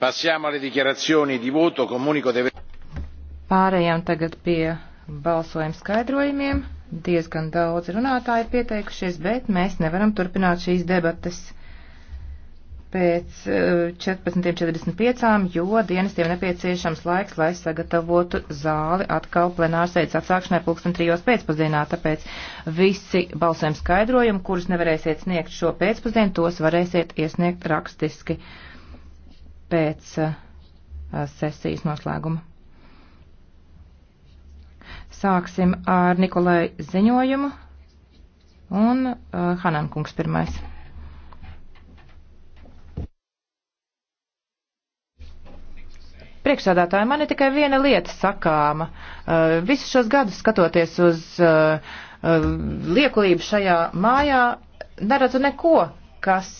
Passiamo alle dichiarazioni di voto. Komuniko de... Pārējām tagad pie balsojuma skaidrojumiem. Diezgan daudz runātāji pieteikušies, bet mēs nevaram turpināt šīs debates pēc 14.45, eh, jo dienestiem nepieciešams laiks, lai sagatavotu zāli atkal plenārsēdes atsākšanai pulksten trijos pēcpazienā, tāpēc visi balsojuma skaidrojumi, kurus nevarēsiet sniegt šo pēcpazienu, tos varēsiet iesniegt rakstiski pēc uh, sesijas noslēguma. Sāksim ar Nikolai ziņojumu un uh, Hanan kungs pirmais. Priekšsādātāji, man ir tikai viena lieta sakāma. Uh, visus šos gadus skatoties uz liekulību šajā mājā, neredzu neko, kas